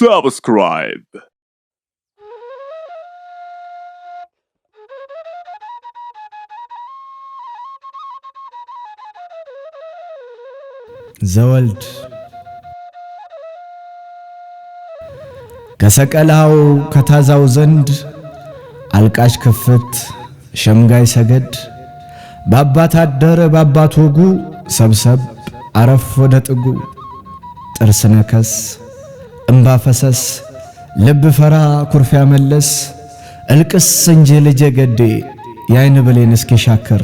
subscribe. ዘወልድ ከሰቀላው ከታዛው ዘንድ አልቃሽ ክፍት ሸምጋይ ሰገድ በአባት አደረ በአባት ወጉ ሰብሰብ አረፍ ወደ ጥጉ ጥርስ ነከስ እምባ ፈሰስ ልብ ፈራ ኩርፊያ መለስ እልቅስ እንጂ ልጄ ገዴ የአይን ብሌን እስኪሻክር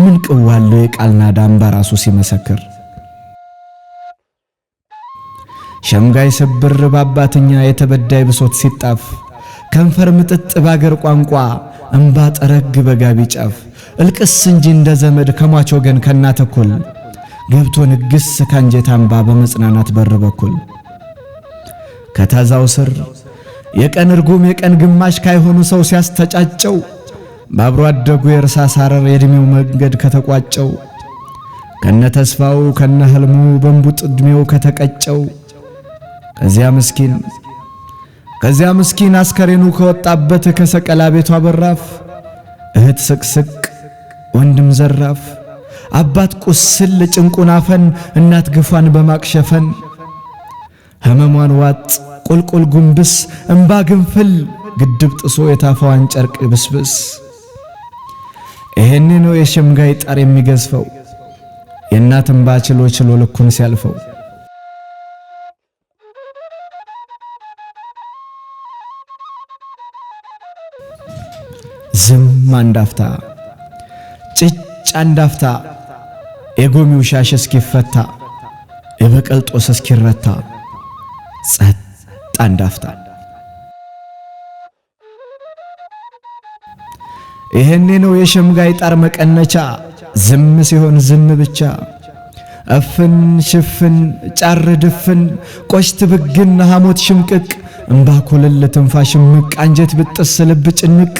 ምን ቅዋለው የቃል ናዳ እምባ ራሱ ሲመሰክር ሸምጋይ ስብር በአባትኛ የተበዳይ ብሶት ሲጣፍ ከንፈር ምጥጥ ባገር ቋንቋ እምባ ጠረግ በጋቢ ጫፍ እልቅስ እንጂ እንደ ዘመድ ከሟች ወገን ከናት ገብቶ ንግስ ካንጀት አምባ በመጽናናት በር በኩል ከተዛው ስር የቀን እርጉም የቀን ግማሽ ካይሆኑ ሰው ሲያስተጫጨው ባብሮ አደጉ የእርሳስ አረር የእድሜው መንገድ ከተቋጨው ከነ ተስፋው ከነ ህልሙ በንቡጥ እድሜው ከተቀጨው ከዚያ ምስኪን ከዚያ ምስኪን አስከሬኑ ከወጣበት ከሰቀላ ቤቷ በራፍ እህት ስቅስቅ ወንድም ዘራፍ አባት ቁስል ጭንቁን አፈን እናት ግፏን በማቅሸፈን ህመሟን ዋጥ ቁልቁል ጉንብስ እምባ ግንፍል ግድብ ጥሶ የታፋዋን ጨርቅ ብስብስ ይሄን ነው የሸምጋይ ጣር የሚገዝፈው የእናት እምባ ችሎ ችሎ ልኩን ሲያልፈው ዝም አንዳፍታ ጭጭ አንዳፍታ የጎሚው ሻሽ እስኪፈታ የበቀል ጦስ እስኪረታ ጸጥ አንዳፍታ። ይሄኔ ነው የሸምጋይ ጣር መቀነቻ ዝም ሲሆን ዝም ብቻ እፍን ሽፍን ጫር ድፍን ቆሽት ብግን ሐሞት ሽምቅቅ እምባኮለለ ትንፋ ሽምቅ አንጀት ብጥስ ልብ ጭንቅ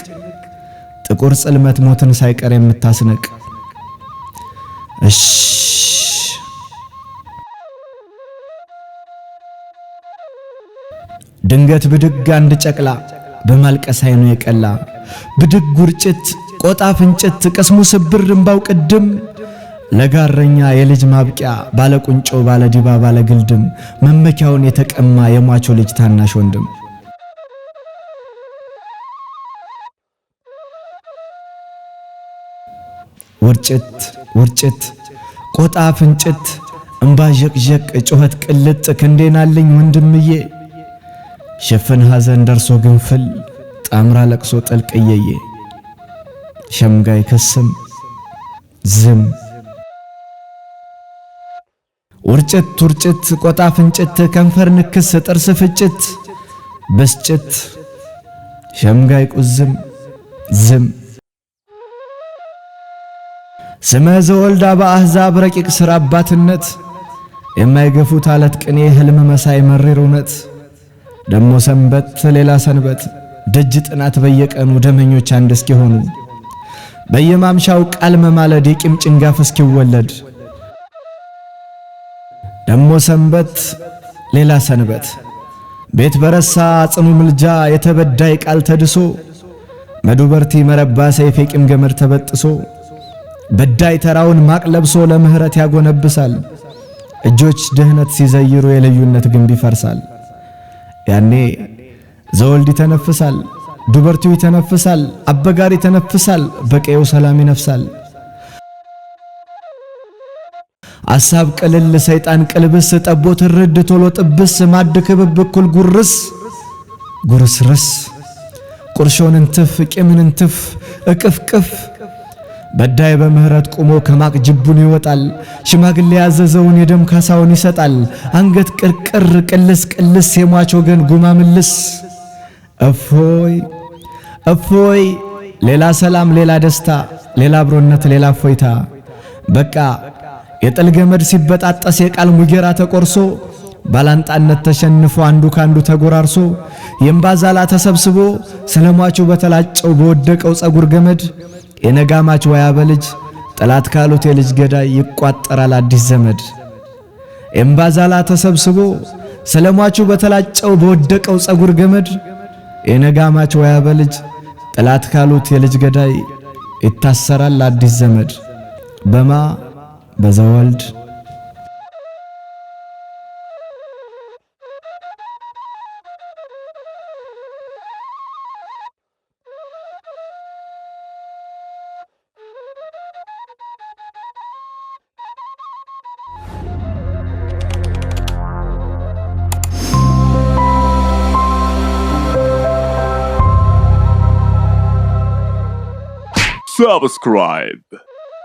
ጥቁር ጽልመት ሞትን ሳይቀር የምታስነቅ እሺ ድንገት ብድግ አንድ ጨቅላ በማልቀስ አይኑ የቀላ ብድግ ውርጭት ቆጣ ፍንጭት ቅስሙ ስብር እምባው ቅድም ለጋረኛ የልጅ ማብቂያ ባለ ቁንጮ ባለ ዲባ ባለ ግልድም መመኪያውን የተቀማ የሟቾ ልጅ ታናሽ ወንድም ውርጭት ውርጭት ቆጣ ፍንጭት እምባ ዠቅዠቅ ጩኸት ቅልጥ ክንዴናልኝ ወንድምዬ ሽፍን ሐዘን ደርሶ ግንፍል ጣምራ ለቅሶ ጥልቅ እየየ ሸምጋይ ክስም ዝም ውርጭት ውርጭት ቆጣ ፍንጭት ከንፈር ንክስ ጥርስ ፍጭት ብስጭት ሸምጋይ ቁዝም ዝም ስመ ዘወልዳ በአሕዛብ ረቂቅ ሥራ አባትነት የማይገፉት አለት ቅኔ ሕልም መሳይ መሪር እውነት ደሞ ሰንበት ሌላ ሰንበት ደጅ ጥናት በየቀኑ ደመኞች አንድ እስኪሆኑ በየማምሻው ቃል መማለድ የቂም ጭንጋፍ እስኪወለድ ደሞ ሰንበት ሌላ ሰንበት ቤት በረሳ ጽኑ ምልጃ የተበዳይ ቃል ተድሶ መዱበርቲ መረባ ሰይፍ የቂም ገመድ ተበጥሶ በዳይ ተራውን ማቅ ለብሶ ለምህረት ያጎነብሳል። እጆች ድህነት ሲዘይሩ የልዩነት ግንብ ይፈርሳል። ያኔ ዘወልድ ይተነፍሳል፣ ዱበርቱ ይተነፍሳል፣ አበጋር ይተነፍሳል፣ በቀዩ ሰላም ይነፍሳል። አሳብ ቅልል ሰይጣን ቅልብስ ጠቦት ርድ ቶሎ ጥብስ ማድ ክብብ እኩል ጉርስ ጉርስርስ ቁርሾን እንትፍ ቂምን እንትፍ እቅፍቅፍ በዳይ በምህረት ቆሞ ከማቅ ጅቡን ይወጣል። ሽማግሌ ያዘዘውን የደም ካሳውን ይሰጣል። አንገት ቅርቅር ቅልስ ቅልስ የሟች ወገን ጉማምልስ። እፎይ እፎይ፣ ሌላ ሰላም፣ ሌላ ደስታ፣ ሌላ አብሮነት፣ ሌላ እፎይታ። በቃ የጥል ገመድ ሲበጣጠስ የቃል ሙጌራ ተቆርሶ ባላንጣነት ተሸንፎ አንዱ ካንዱ ተጎራርሶ የእምባ ዛላ ተሰብስቦ ስለሟቹ በተላጨው በወደቀው ጸጉር ገመድ የነጋማች ወያበ ልጅ ጠላት ካሉት የልጅ ገዳይ ይቋጠራል አዲስ ዘመድ። ኤምባዛላ ተሰብስቦ ስለሟቹ በተላጨው በወደቀው ጸጉር ገመድ የነጋማች ወያበ ልጅ ጠላት ካሉት የልጅ ገዳይ ይታሰራል አዲስ ዘመድ በማ በዘወልድ subscribe